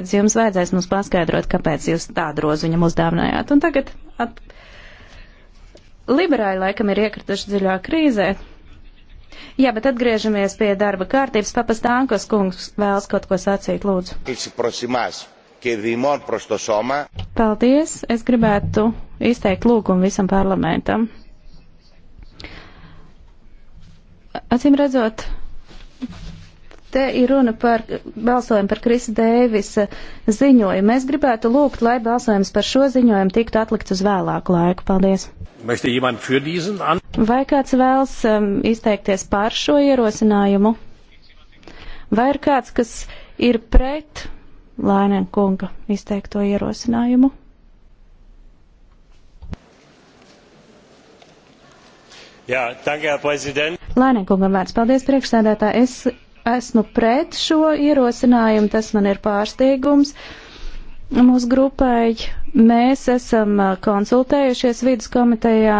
kad jums vajadzēs mums paskaidrot, kāpēc jūs tādu rozu viņam uzdāvinājāt. Un tagad at... liberāļi laikam ir iekrituši dziļā krīzē. Jā, bet atgriežamies pie darba kārtības. Papastānkos kungs vēlas kaut ko sacīt, lūdzu. Paldies. Es gribētu izteikt lūgumu visam parlamentam. Acīm redzot, Te ir runa par balsojumu par Krisa Dēvisa ziņojumu. Mēs gribētu lūgt, lai balsojums par šo ziņojumu tiktu atlikts uz vēlāku laiku. Paldies! Vai kāds vēlas um, izteikties par šo ierosinājumu? Vai ir kāds, kas ir pret Lainēna kunga izteikto ierosinājumu? Jā, tagad, prezident. Lainēna kungam vārds. Paldies, priekšsēdētā. Es esmu pret šo ierosinājumu, tas man ir pārsteigums. Mūsu grupai mēs esam uh, konsultējušies vidus komitejā,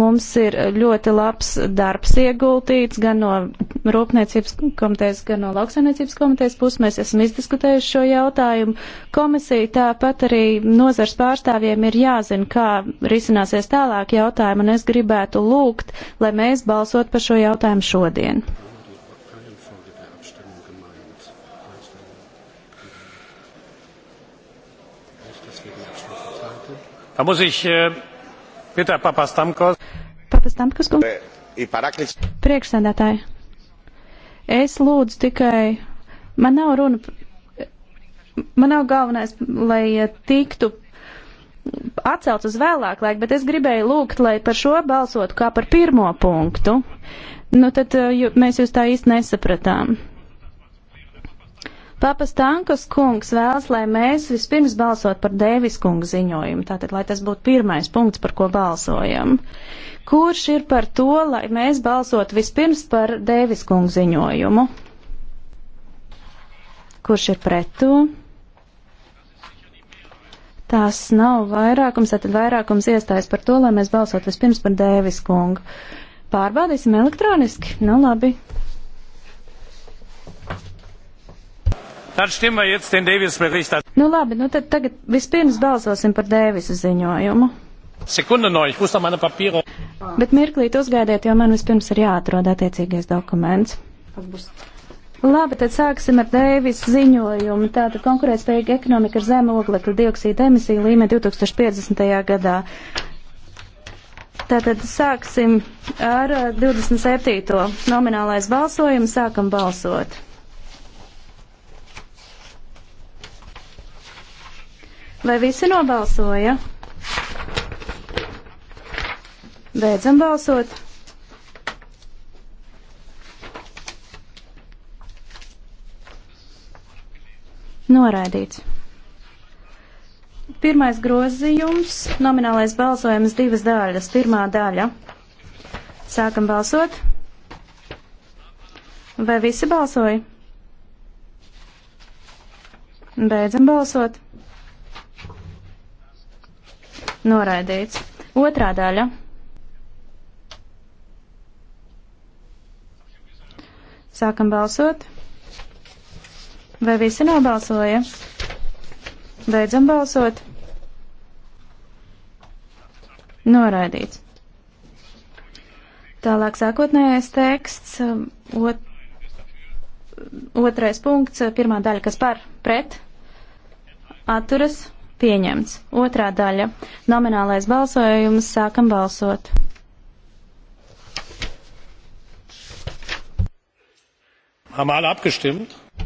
mums ir ļoti labs darbs ieguldīts gan no Rūpniecības komitejas, gan no Lauksainiecības komitejas puses. Mēs esam izdiskutējuši šo jautājumu. Komisija tāpat arī nozars pārstāvjiem ir jāzina, kā risināsies tālāk jautājumu, un es gribētu lūgt, lai mēs balsot par šo jautājumu šodien. Da muss ich Peter äh, Papastamkos. Papastamkos kungs. E Priekšsēdētāji. Es lūdzu tikai, man nav runa, man nav galvenais, lai e, tiktu atcelt uz vēlāk laiku, bet es gribēju lūgt, lai par šo balsotu kā par pirmo punktu. Nu tad e, jo, mēs jūs tā īsti nesapratām. Papas Tankas kungs vēlas, lai mēs vispirms balsot par Dēvis kunga ziņojumu, tātad, lai tas būtu pirmais punkts, par ko balsojam. Kurš ir par to, lai mēs balsot vispirms par Dēvis kunga ziņojumu? Kurš ir pret to? Tās nav vairākums, tātad vairākums iestājas par to, lai mēs balsot vispirms par Dēvis kungu. Pārbaudīsim elektroniski? Nu, labi. Nu labi, nu tad tagad vispirms balsosim par Dēvisa ziņojumu. Sekunde no, ich muss da meine Papiere. Bet mirklīt uzgaidiet, jo man vispirms ir jāatrod attiecīgais dokuments. Labi, tad sāksim ar Dēvis ziņojumu. Tātad konkurētspējīga ekonomika ar zemu oglekļa dioksīda emisiju līmeni 2050. gadā. Tātad sāksim ar 27. Eh, nominālais balsojumu, sākam balsot. Vai visi nobalsoja? Beidzam balsot. Noraidīts. Pirmais grozījums, nominālais balsojums divas daļas. Pirmā daļa. Sākam balsot. Vai visi balsoja? Beidzam balsot. Noraidīts. Otrā daļa. Sākam balsot. Vai visi nobalsoja? Beidzam balsot. Noraidīts. Tālāk sākotnējais teksts, um, ot, otrais punkts, pirmā daļa, kas par, pret, atturas, Pieņemts. Otrā daļa. Nominālais balsojums. Sākam balsot.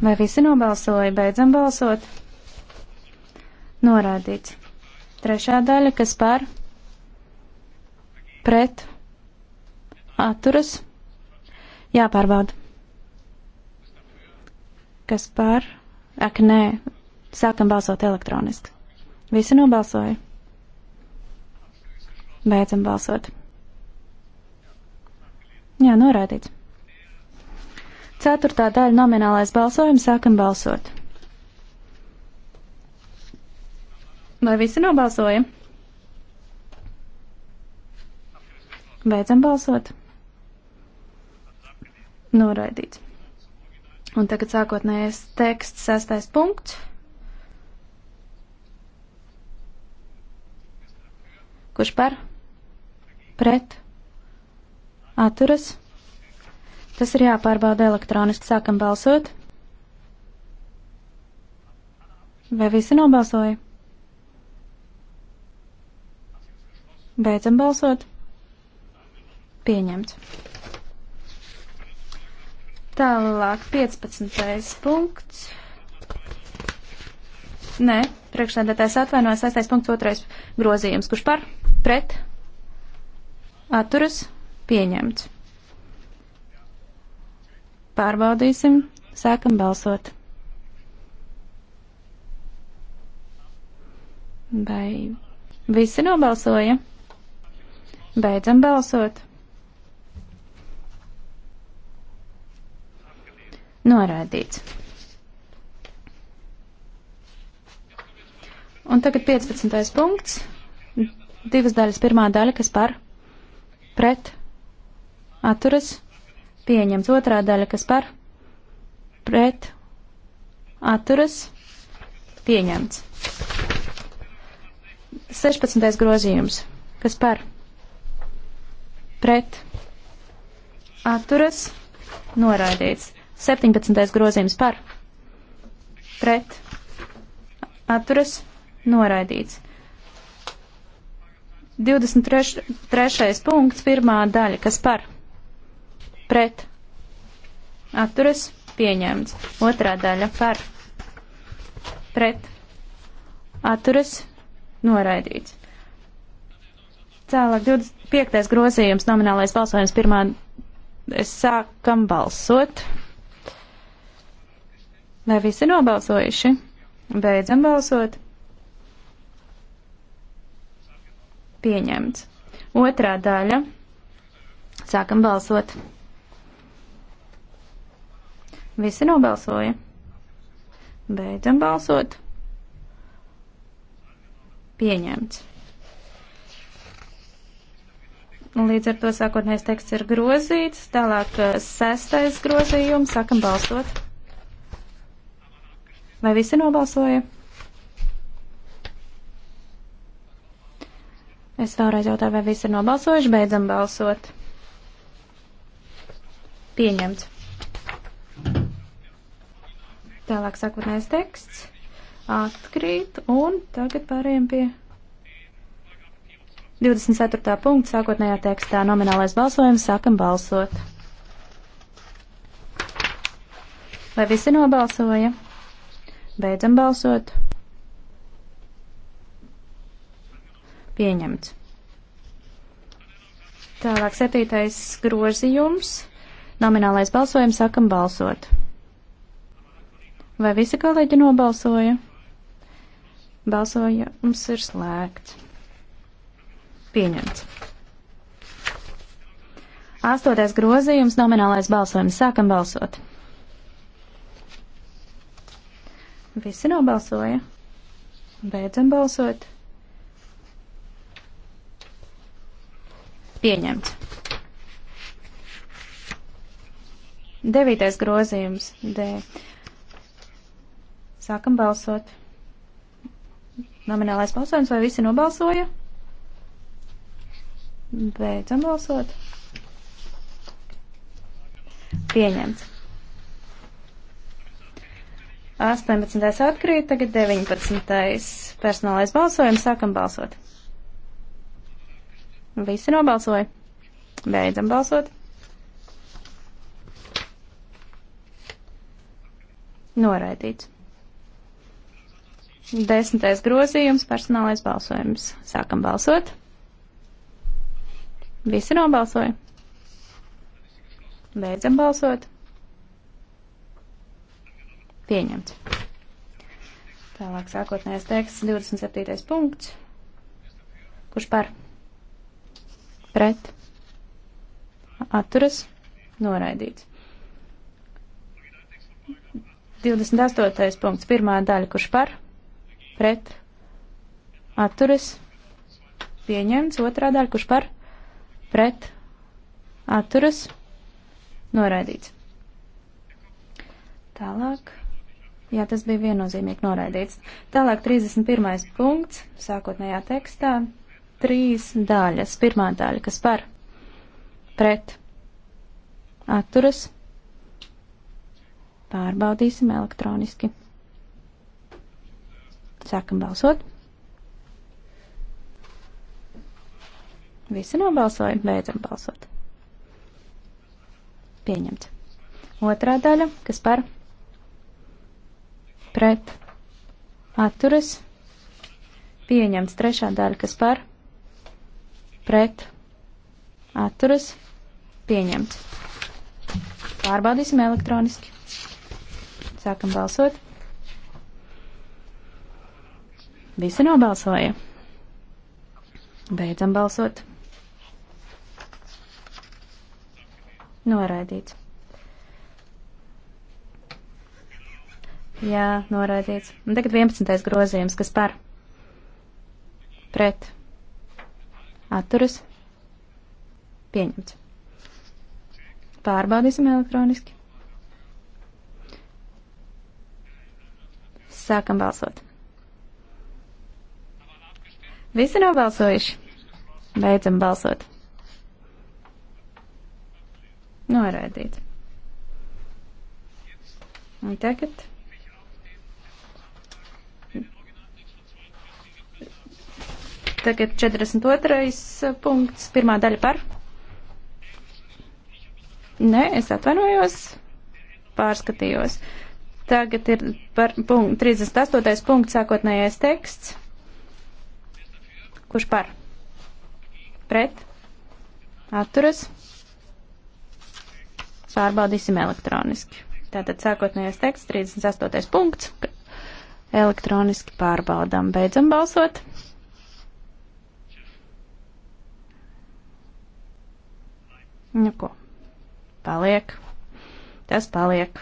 Vai visi nobalsoja? Beidzam balsot. Norādīts. Trešā daļa, kas par, pret, atturas, jāpārbauda. Kas par, ak nē, sākam balsot elektroniski. Visi nobalsoja. Beidzam balsot. Jā, norādīts. Ceturtā daļa nominālais balsojums sākam balsot. Vai visi nobalsoja? Beidzam balsot. Noraidīts. Un tagad sākotnējais teksts, sastais punkts. Kurš par? Pret? Atturas? Tas ir jāpārbauda elektroniski. Sākam balsot. Vai visi nobalsoja? Beidzam balsot. Pieņemts. Tālāk 15. punkts. Nē, priekšsēdētājs atvainojas, sastais punkts otrais grozījums, kurš par, pret, atturas, pieņemts. Pārbaudīsim, sākam balsot. Vai visi nobalsoja? Beidzam balsot. Norādīts. Un tagad 15. punkts. Divas daļas. Pirmā daļa, kas par, pret, atturas, pieņemts. Otrā daļa, kas par, pret, atturas, pieņemts. 16. grozījums, kas par, pret, atturas, noraidīts. 17. grozījums par, pret, atturas, pieņemts noraidīts. 23. punkts, pirmā daļa, kas par pret atturas pieņemts. Otrā daļa par pret atturas noraidīts. Cēlāk 25. grozījums, nominālais balsojums, pirmā sākam balsot. Vai visi nobalsojuši? Beidzam balsot. Pieņemts. Otrā daļa. Sākam balsot. Visi nobalsoja. Beidzam balsot. Pieņemts. Līdz ar to sākotnējais teksts ir grozīts, tālāk eh, sestais grozījums, sākam balsot. Vai visi nobalsoja? Es vēlreiz jautāju, vai visi ir nobalsojuši, beidzam balsot. Pieņemts. Tālāk sakotnēs teksts atkrīt un tagad pārējiem pie 24. punkta sākotnējā tekstā nominālais balsojums sākam balsot. Vai visi nobalsoja? Beidzam balsot. Pieņemts. Tālāk septītais grozījums. Nominālais balsojums sākam balsot. Vai visi kolēģi nobalsoja? Balsojums ir slēgts. Pieņemts. Astotais grozījums, nominālais balsojums. Sākam balsot. Visi nobalsoja. Beidzam balsot. Pieņemts. Devītais grozījums D. Sākam balsot. Nominālais balsojums vai visi nobalsoja? Beidzam balsot. Pieņemts. 18. atkrīt, tagad 19. personālais balsojums, sākam balsot. Visi nobalsoja. Beidzam balsot. Noraidīts. Desmitais grozījums, personālais balsojums. Sākam balsot. Visi nobalsoja. Beidzam balsot. Pieņemts. Tālāk sākotnējais teksts 27. punkts. Kurš par? pret, atturas, noraidīts. 28. punkts, pirmā daļa, kurš par, pret, atturas, pieņemts, otrā daļa, kurš par, pret, atturas, noraidīts. Tālāk. Jā, tas bija viennozīmīgi noraidīts. Tālāk 31. punkts, sākotnējā tekstā, trīs daļas. Pirmā daļa, kas par pret atturas. Pārbaudīsim elektroniski. Sākam balsot. Visi nobalsoja, beidzam balsot. Pieņemts. Otrā daļa, kas par pret atturas. Pieņemts. Trešā daļa, kas par pret atturas pieņemts. Pārbaudīsim elektroniski. Sākam balsot. Visi nobalsoja. Beidzam balsot. Noraidīts. Jā, noraidīts. Un tagad 11. grozījums, kas par pret atturas pieņemts. Pārbaudīsim elektroniski. Sākam balsot. Visi nav balsojuši. Beidzam balsot. Noraidīt. Un tagad Tagad 42. Eh, punkts, pirmā daļa par. Nē, es atvainojos, pārskatījos. Tagad ir par punkt, 38. punkts, sākotnējais teksts. Kurš par? Pret? Atturas? Pārbaudīsim elektroniski. Tātad sākotnējais teksts, 38. punkts. Elektroniski pārbaudām. Beidzam balsot. Nu ko, paliek. Tas paliek.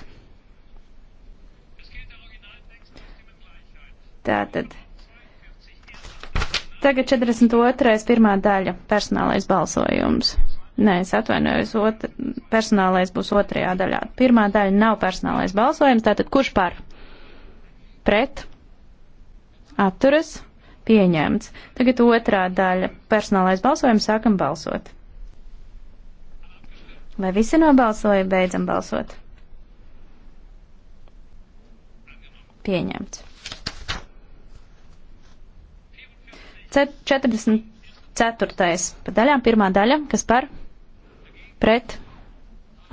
Tātad. Tagad 42. pirmā daļa - personālais balsojums. Nē, es atvainojos, ot... personālais būs otrajā daļā. Pirmā daļa nav personālais balsojums, tātad kurš par? Pret? Atturas? Pieņemts. Tagad otrā daļa - personālais balsojums, sākam balsot. Vai visi nobalsoja? Beidzam balsot. Pieņemts. 44. pa daļām pirmā daļa, kas par pret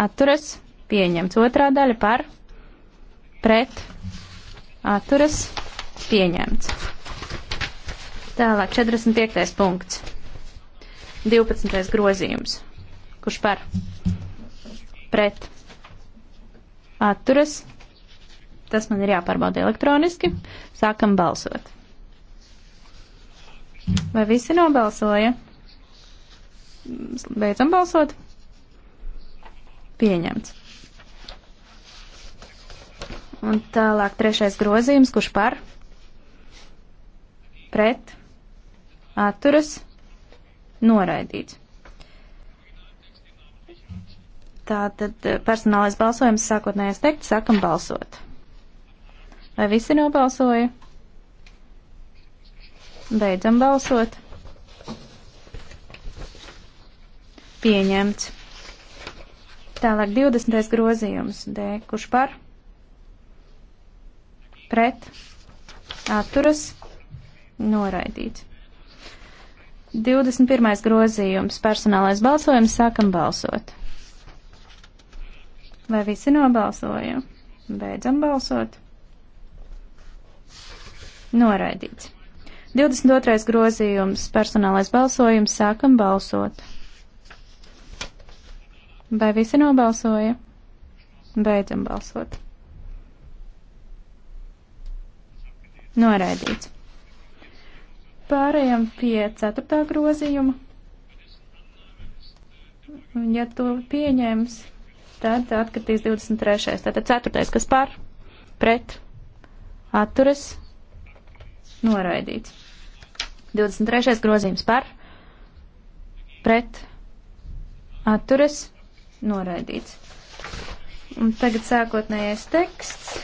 atturas pieņemts. Otrā daļa par pret atturas pieņemts. Tālāk 45. punkts. 12. grozījums. Kurš par? pret atturas. Tas man ir jāpārbauda elektroniski. Sākam balsot. Vai visi nobalsoja? Beidzam balsot. Pieņemts. Un tālāk trešais grozījums, kurš par? Pret. Atturas. Noraidīts. Tātad eh, personālais balsojums sākotnējais teikt, sākam balsot. Vai visi nobalsoja? Beidzam balsot. Pieņemts. Tālāk 20. grozījums. D. Kurš par? Pret. Atturas. Noraidīts. 21. grozījums. Personālais balsojums. Sākam balsot. Vai visi nobalsoja? Beidzam balsot. Noraidīts. 22. grozījums - personālais balsojums - sākam balsot. Vai visi nobalsoja? Beidzam balsot. Noraidīts. Pārējām pie 4. grozījuma. Ja to pieņems, Tad atkritīs 23. Tātad 4. kas par, pret, atturas, noraidīts. 23. grozījums par, pret, atturas, noraidīts. Un tagad sākotnējais teksts.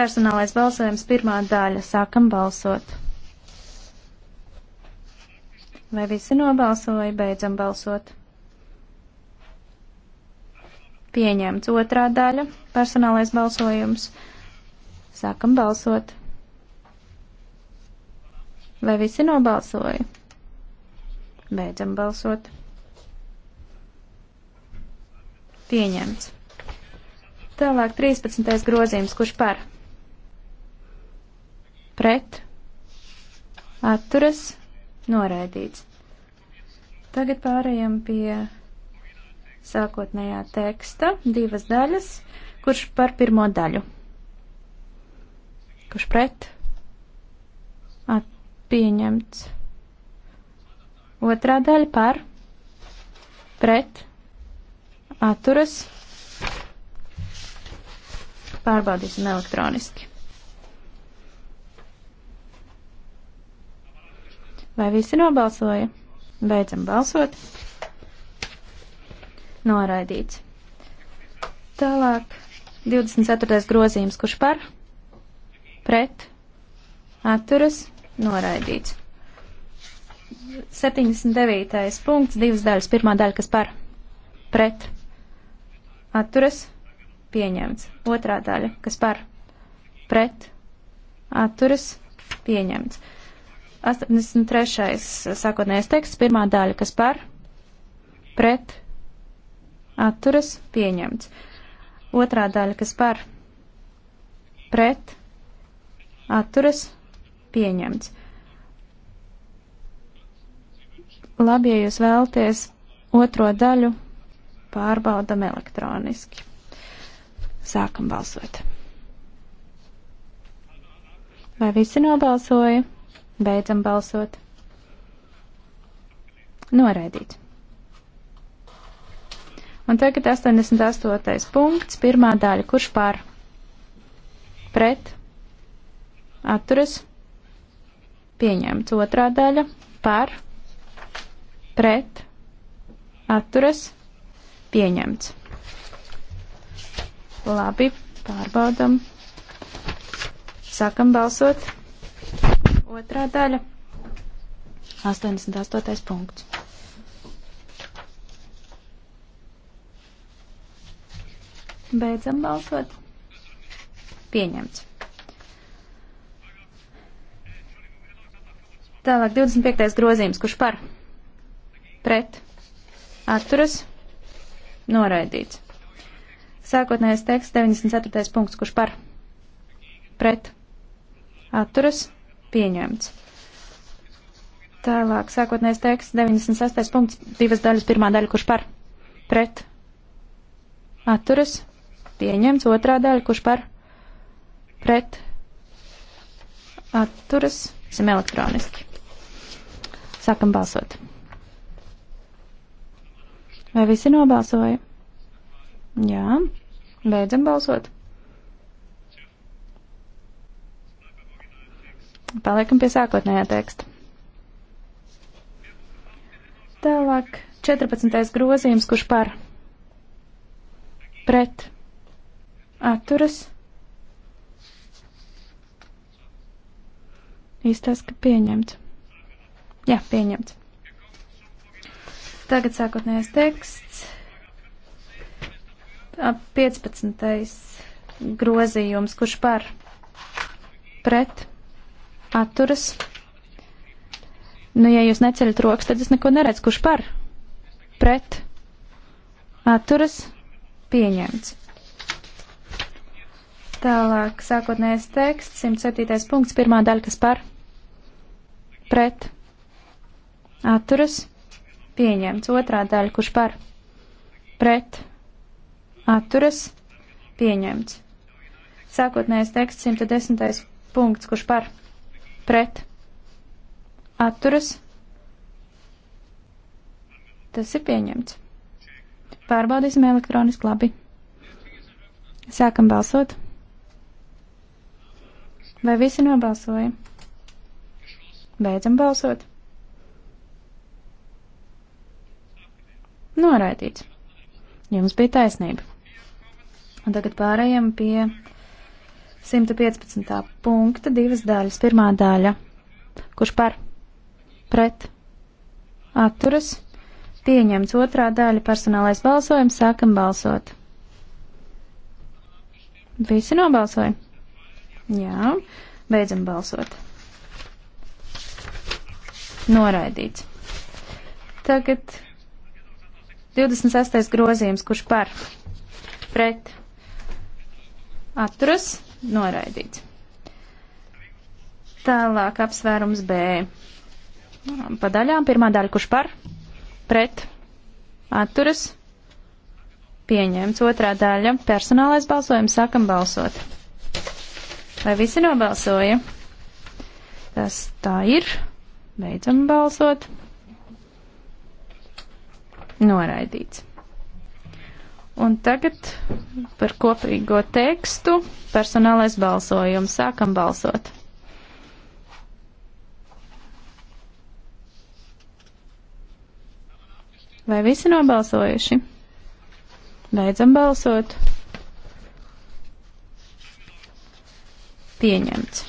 Personālais balsojums pirmā daļa. Sākam balsot. Vai visi nobalsoja? Beidzam balsot. Pieņemts otrā daļa - personālais balsojums. Sākam balsot. Vai visi nobalsoja? Beidzam balsot. Pieņemts. Tālāk 13. grozījums, kurš par? Pret. Atturas. Noraidīts. Tagad pārējām pie sākotnējā teksta divas daļas, kurš par pirmo daļu. Kurš pret? At, pieņemts. Otrā daļa par, pret, atturas. Pārbaudīsim elektroniski. Vai visi nobalsoja? Beidzam balsot noraidīts. Tālāk 24. grozījums, kurš par, pret, atturas, noraidīts. 79. punkts, divas daļas. Pirmā daļa, kas par, pret, atturas, pieņemts. Otrā daļa, kas par, pret, atturas, pieņemts. 83. sākotnējais teksts, pirmā daļa, kas par, pret, atturas pieņemts. Otrā daļa, kas par pret atturas pieņemts. Labi, ja jūs vēlties otro daļu, pārbaudam elektroniski. Sākam balsot. Vai visi nobalsoja? Beidzam balsot. Noraidīt. Un tagad 88. punkts, pirmā daļa, kurš par? Pret? Atturas? Pieņemts. Otrā daļa, par? Pret? Atturas? Pieņemts. Labi, pārbaudam. Sākam balsot. Otrā daļa. 88. punkts. Beidzam balsot. Pieņemts. Tālāk 25. grozījums, kurš par? Pret. Atturas. Noraidīts. Sākotnējais teksts 94. punkts, kurš par? Pret. Atturas. Pieņemts. Tālāk sākotnējais teksts 96. punkts, divas daļas, pirmā daļa, kurš par? Pret. Atturas pieņemts. Otrā daļa, kurš par pret atturas, esam elektroniski. Sākam balsot. Vai visi nobalsoja? Jā. Beidzam balsot. Paliekam pie sākotnējā teksta. Tālāk 14. grozījums, kurš par pret atturas. Īstās, ka pieņemts. Jā, pieņemts. Tagad sākotnējais teksts. 15. grozījums, kurš par pret atturas. Nu, ja jūs neceļat rokas, tad es neko neredzu, kurš par pret atturas pieņemts. Tālāk sākotnējais teksts, 107. punkts, pirmā daļa, kas par pret atturas pieņemts. Otrā daļa, kurš par pret atturas pieņemts. Sākotnējais teksts, 110. punkts, kurš par pret atturas tas ir pieņemts. Pārbaudīsim elektroniski labi. Sākam balsot. Vai visi nobalsoja? Beidzam balsot. Noraidīts. Jums bija taisnība. Un tagad pārējām pie 115. punkta divas daļas. Pirmā daļa, kurš par pret atturas, pieņemts otrā daļa personālais balsojums, sākam balsot. Visi nobalsoja. Jā, beidzam balsot. Noraidīts. Tagad 26. grozījums, kurš par pret atturas noraidīts. Tālāk apsvērums B. Pa daļām pirmā daļa, kurš par pret atturas pieņemts. Otrā daļa personālais balsojums, sākam balsot. Vai visi nobalsoja? Tas tā ir. Beidzam balsot. Noraidīts. Un tagad par kopīgo tekstu personālais balsojums. Sākam balsot. Vai visi nobalsojuši? Beidzam balsot. pieņemts.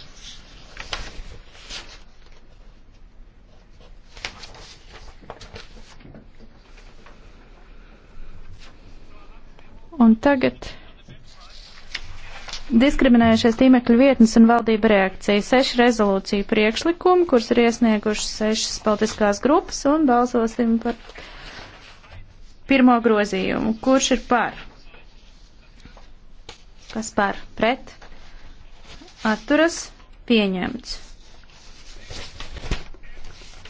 Un tagad diskriminējušies tīmekļu vietnes un valdība reakcija. Seši rezolūciju priekšlikumi, kurus ir iesniegušas sešas politiskās grupas, un balsosim par pirmo grozījumu. Kurš ir par? Kas par? Pret? atturas pieņemts.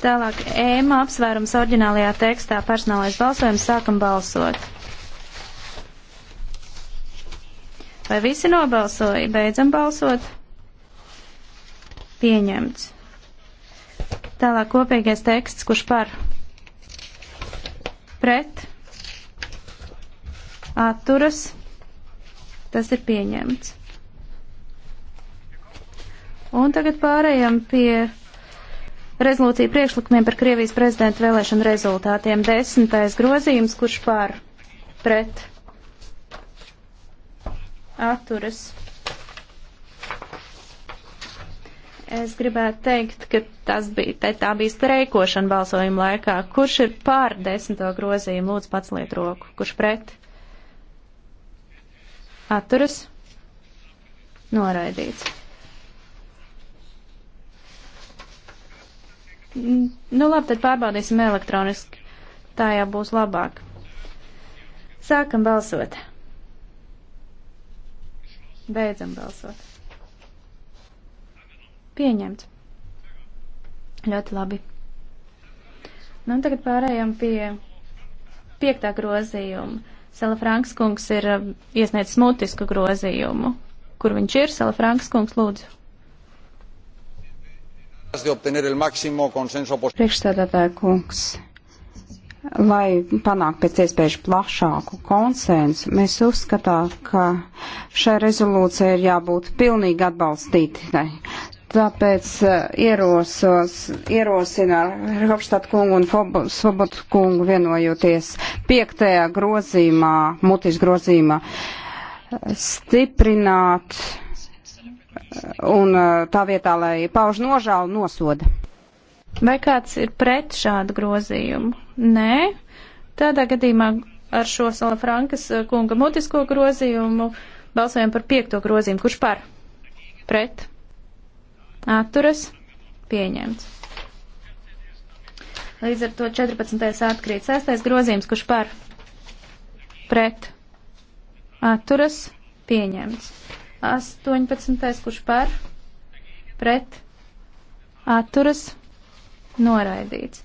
Tālāk ēma apsvērums orģinālajā tekstā personālais balsojums sākam balsot. Vai visi nobalsoja? Beidzam balsot. Pieņemts. Tālāk kopīgais teksts, kurš par pret atturas, tas ir pieņemts. Un tagad pārējām pie rezolūcija priekšlikumiem par Krievijas prezidenta vēlēšanu rezultātiem. Desmitais grozījums, kurš pār pret atturas. Es gribētu teikt, ka tas bija, te tā bija streikošana balsojuma laikā. Kurš ir pār desmito grozījumu? Lūdzu, pats liet roku. Kurš pret? Atturas? Noraidīts. Nu labi, tad pārbaudīsim elektroniski. Tā jau būs labāk. Sākam balsot. Beidzam balsot. Pieņemts. Ļoti labi. Nu, tagad pārējām pie piektā grozījuma. Sela Franks kungs ir um, iesniedzis mutisku grozījumu. Kur viņš ir? Sela Franks kungs, lūdzu. Priekšstādātāja kungs, lai panāktu pēc iespējas plašāku konsensu, mēs uzskatām, ka šai rezolūcijai ir jābūt pilnīgi atbalstītai. Tāpēc eh, ierosos, ierosina Ropštāt kungu un Sobotu kungu vienojoties piektajā grozīmā, mutis grozīmā, stiprināt un tā vietā, lai pauž nožālu, nosoda. Vai kāds ir pret šādu grozījumu? Nē. Tādā gadījumā ar šo Sala Frankas kunga mutisko grozījumu balsojam par piekto grozījumu. Kurš par? Pret? Atturas? Pieņemts. Līdz ar to 14. atkrīt 6. grozījums. Kurš par? Pret? Atturas? Pieņemts. 18. kurš par, pret, atturas, noraidīts.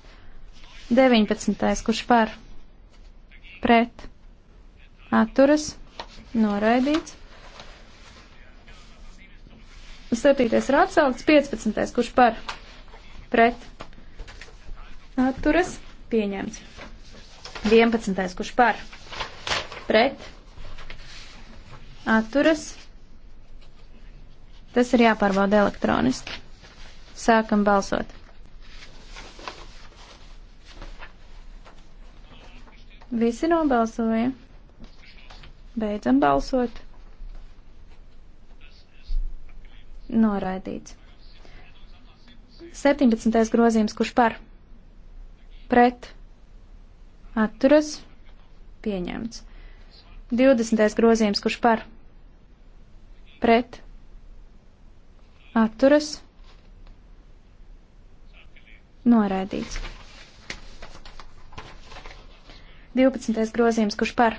19. kurš par, pret, atturas, noraidīts. 7. ir atsaukts, 15. kurš par, pret, atturas, pieņemts. 11. kurš par, pret, atturas, pieņemts Tas ir jāpārbauda elektroniski. Sākam balsot. Visi nobalsoja. Beidzam balsot. Noraidīts. 17. grozījums, kurš par? Pret. Atturas. Pieņemts. 20. grozījums, kurš par? Pret atturas, noraidīts. 12. grozījums, kurš par,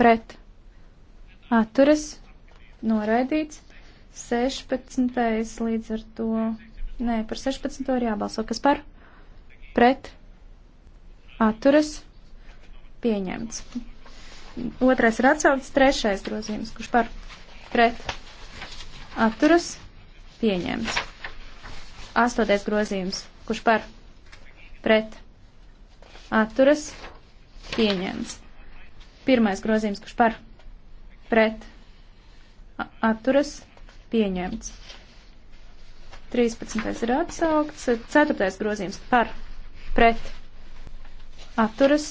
pret, atturas, noraidīts. 16. līdz ar to, nē, par 16. ir jābalso, kas par, pret, atturas, pieņemts. Otrais ir atsaukts, trešais grozījums, kurš par, pret, atturas, pieņemts pieņemts. Astoties grozījums, kurš par pret atturas pieņemts. Pirmais grozījums, kurš par pret atturas pieņemts. 13. ir atsaukts. 4. grozījums par pret atturas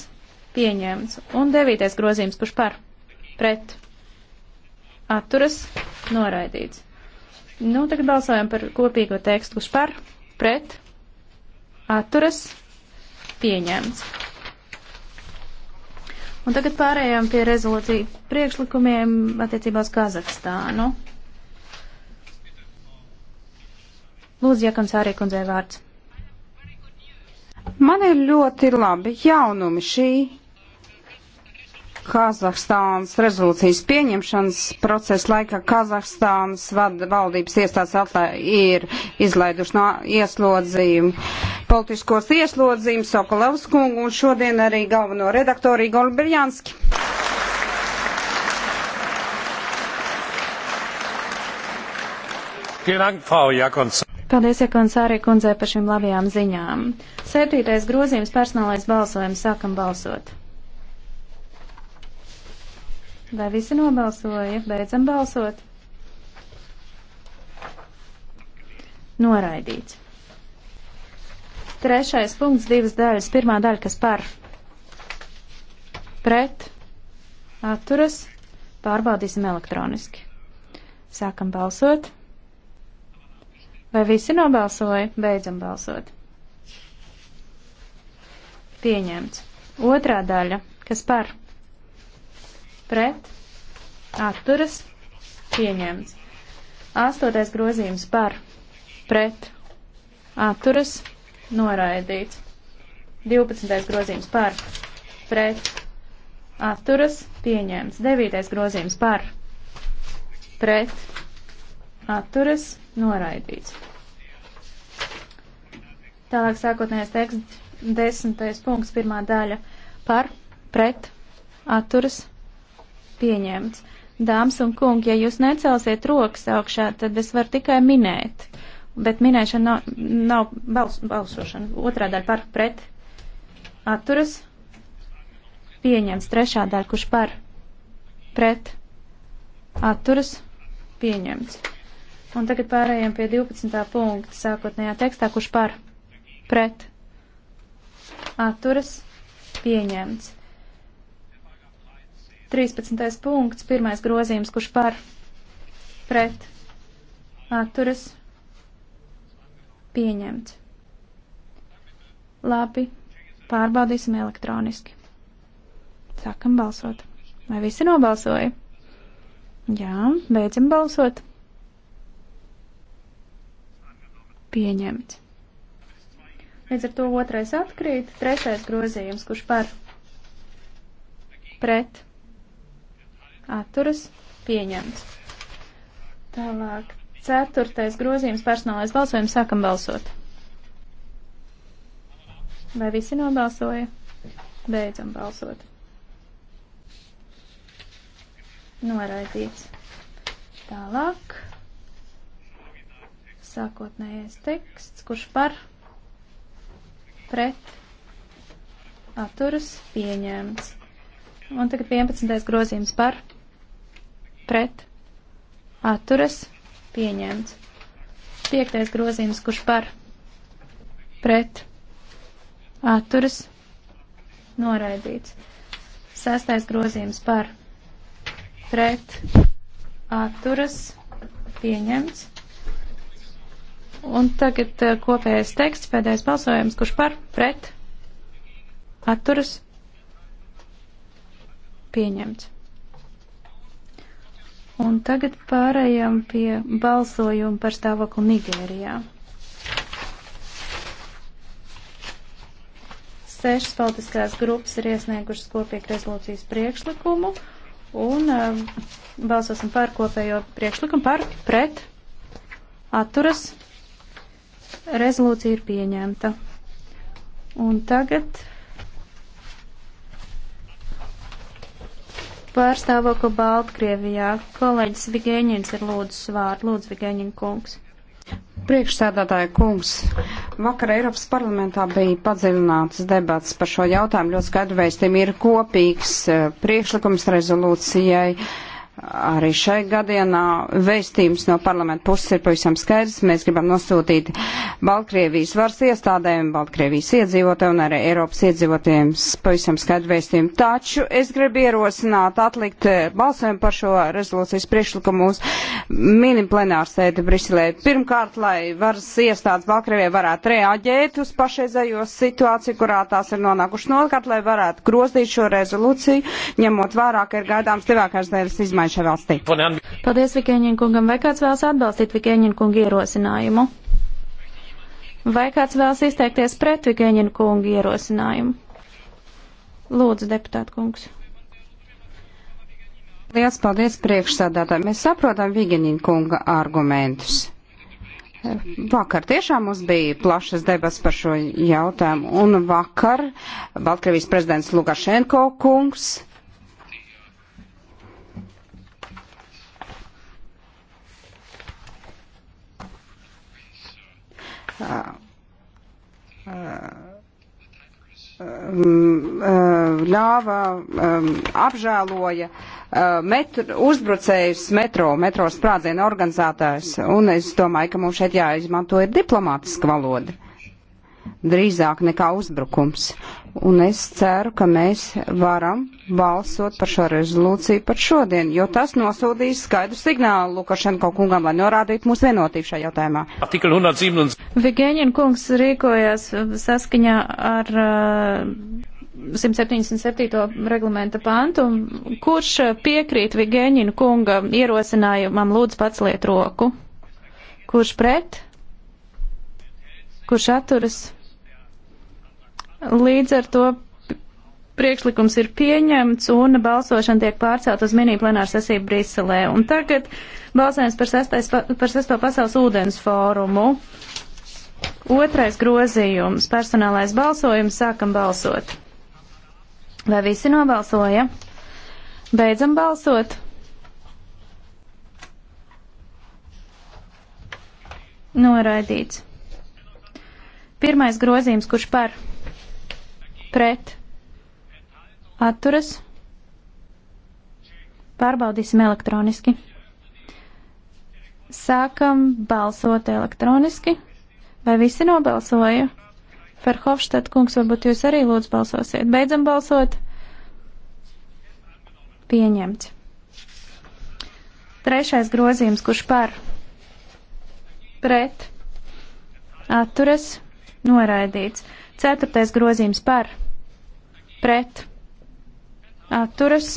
pieņemts. Un 9. grozījums, kurš par pret atturas noraidīts. Nu, tagad balsojam par kopīgo tekstu, kurš par, pret, atturas, pieņemts. Un tagad pārējām pie rezolūciju priekšlikumiem attiecībās Kazahstānu. Lūdzu, Jākams Ārī kundzei vārds. Man ir ļoti labi jaunumi šī Kazahstānas rezolūcijas pieņemšanas procesa laikā Kazahstānas valdības iestādes atlē, ir izlaiduši no ieslodzījumu, politiskos ieslodzījumu Sokolavas kungu un šodien arī galveno redaktoru Igoru Birjanski. Paldies, Jakonsārī kundzei par šīm labajām ziņām. Septītais grozījums personālais balsojums. Sākam balsot. Vai visi nobalsoja? Beidzam balsot. Noraidīts. Trešais punkts, divas daļas. Pirmā daļa, kas par pret atturas, pārbaudīsim elektroniski. Sākam balsot. Vai visi nobalsoja? Beidzam balsot. Pieņemts. Otrā daļa, kas par pret, atturas, pieņemts. Astotais grozījums par, pret, atturas, noraidīts. 12. grozījums par, pret, atturas, pieņemts. 9. grozījums par, pret, atturas, noraidīts. Tālāk sākotnējais teksts, desmitais punkts, pirmā daļa par, pret, atturas, noraidīts pieņemts. Dāmas un kungi, ja jūs necelsiet rokas augšā, tad es varu tikai minēt. Bet minēšana nav, nav bals, balsošana. Otrā daļa par pret atturas pieņemts. Trešā daļa, kurš par pret atturas pieņemts. Un tagad pārējiem pie 12. punkta sākotnējā tekstā, kurš par pret atturas pieņemts. 13. punkts, pirmais grozījums, kurš par pret atturas pieņemts. Labi, pārbaudīsim elektroniski. Sākam balsot. Vai visi nobalsoja? Jā, beidzam balsot. Pieņemts. Līdz ar to otrais atkrīt, trešais grozījums, kurš par pret atturas pieņemts. Tālāk, ceturtais grozījums personālais balsojums, sākam balsot. Vai visi nobalsoja? Beidzam balsot. Noraidīts. Tālāk. Sākotnējais teksts, kurš par pret atturas pieņemts. Un tagad 11. grozījums par pret pret, atturas, pieņemts. Piektais grozījums, kurš par, pret, atturas, noraidīts. Sastais grozījums par, pret, atturas, pieņemts. Un tagad eh, kopējais teksts, pēdējais balsojums, kurš par, pret, atturas, pieņemts. Un tagad pārējām pie balsojuma par stāvokli Nigērijā. Sešas politiskās grupas ir iesniegušas kopīgu rezolūcijas priekšlikumu un um, balsosim par kopējo priekšlikumu par pret atturas. Rezolūcija ir pieņemta. Un tagad par stāvokli Baltkrievijā. Kolēģis Vigēņins ir lūdzu vārdu. Lūdzu, Vigēņin kungs. Priekšsēdētāja kungs, vakar Eiropas parlamentā bija padziļināts debats par šo jautājumu. Ļoti skaidru vēstījumu ir kopīgs eh, priekšlikums rezolūcijai. Uh, Arī šai gadienā vēstījums no parlamenta puses ir pavisam skaidrs. Mēs gribam nosūtīt Baltkrievijas varas iestādēm, Baltkrievijas iedzīvotājiem un arī Eiropas iedzīvotājiem pavisam skaidru vēstījumu. Taču es gribu ierosināt atlikt eh, balsojumu par šo rezolūcijas priekšlikumu uz mini plenārsēdi Briselē. Pirmkārt, lai varas iestādes Baltkrievijai varētu reaģēt uz pašreizējo situāciju, kurā tās ir nonākušas. Nokārt, lai varētu grozīt šo rezolūciju, ņemot vērā, ka ir gaidāms divākās dēļas izmaiņas risinājumu šajā valstī. Paldies Vikēņina kungam. Vai kāds vēlas atbalstīt Vikēņina kunga ierosinājumu? Vai kāds vēlas izteikties pret Vikēņina kunga ierosinājumu? Lūdzu, deputāt kungs. Liels paldies priekšsādātājiem. Mēs saprotam Vigenina kunga argumentus. Vakar tiešām mums bija plašas debas par šo jautājumu, un vakar Baltkrievijas prezidents Lukašenko kungs ļāva, um, apžēloja uh, metru, uzbrucējus metro, metro sprādzienu organizētājus, un es domāju, ka mums šeit jāizmanto ir diplomātiska valoda drīzāk nekā uzbrukums. Un es ceru, ka mēs varam balsot par šo rezolūciju pat šodien, jo tas nosūtīs skaidru signālu Lukašenko kungam, lai norādītu mūsu vienotību šajā jautājumā. Vigēņin kungs rīkojās saskaņā ar. Uh, 177. reglamenta pantu, kurš piekrīt Vigēņina kunga ierosinājumam lūdzu pats liet roku? Kurš pret? Kurš atturas? Līdz ar to priekšlikums ir pieņemts un balsošana tiek pārcelt uz mini plenāru sesiju Briselē. Un tagad balsojums par, sestais, par sesto pasaules ūdens fórumu. Otrais grozījums - personālais balsojums. Sākam balsot. Vai visi nobalsoja? Beidzam balsot. Noraidīts. Pirmais grozījums, kurš par? pret, atturas, pārbaudīsim elektroniski. Sākam balsot elektroniski. Vai visi nobalsoja? Ferhofštad kungs, varbūt jūs arī lūdzu balsosiet. Beidzam balsot. Pieņemts. Trešais grozījums, kurš par, pret, atturas, noraidīts. Ceturtais grozījums par pret atturas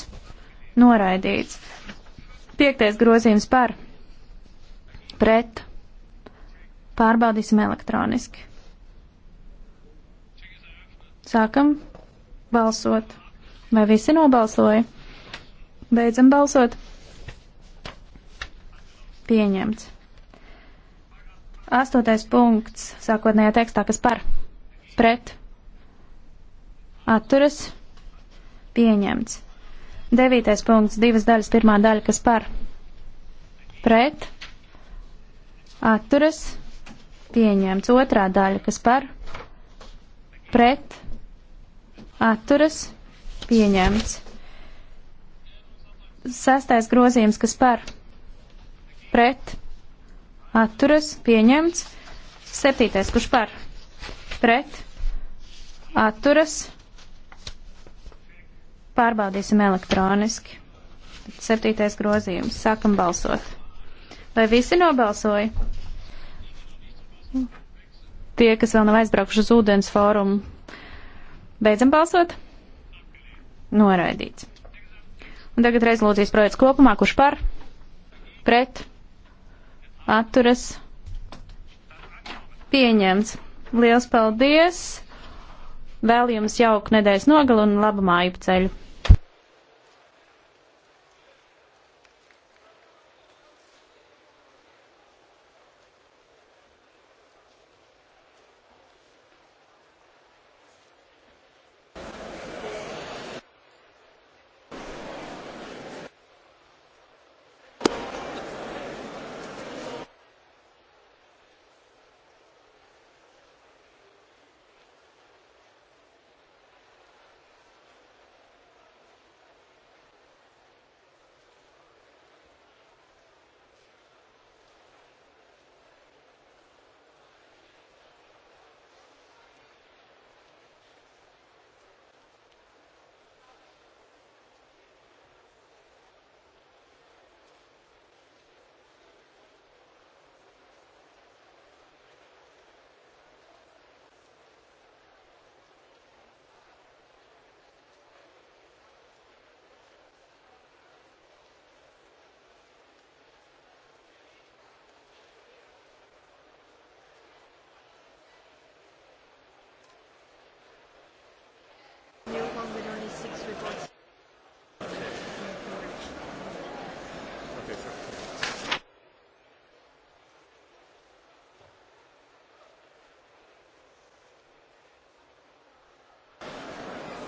noraidīts. Piektais grozījums par pret pārbaudīsim elektroniski. Sākam balsot. Vai visi nobalsoja? Beidzam balsot. Pieņemts. Astotais punkts sākotnējā tekstā, kas par pret atturas pieņemts. Devītais punkts, divas daļas, pirmā daļa, kas par pret atturas pieņemts. Otrā daļa, kas par pret atturas pieņemts. Sastais grozījums, kas par pret atturas pieņemts. Septītais, kurš par pret, atturas, pārbaudīsim elektroniski. Septītais grozījums, sākam balsot. Vai visi nobalsoja? Tie, kas vēl nav aizbraukuši uz ūdens fórumu, beidzam balsot? Noraidīts. Un tagad rezolūcijas projekts kopumā, kurš par, pret, atturas, pieņemts. Liels paldies! Vēl jums jauku nedēļas nogalu un labu māju ceļu!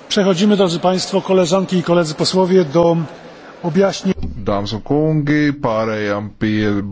Przechodzimy, drodzy Państwo, koleżanki i koledzy posłowie, do objaśnień. Dāmas un kungi, pārējām pie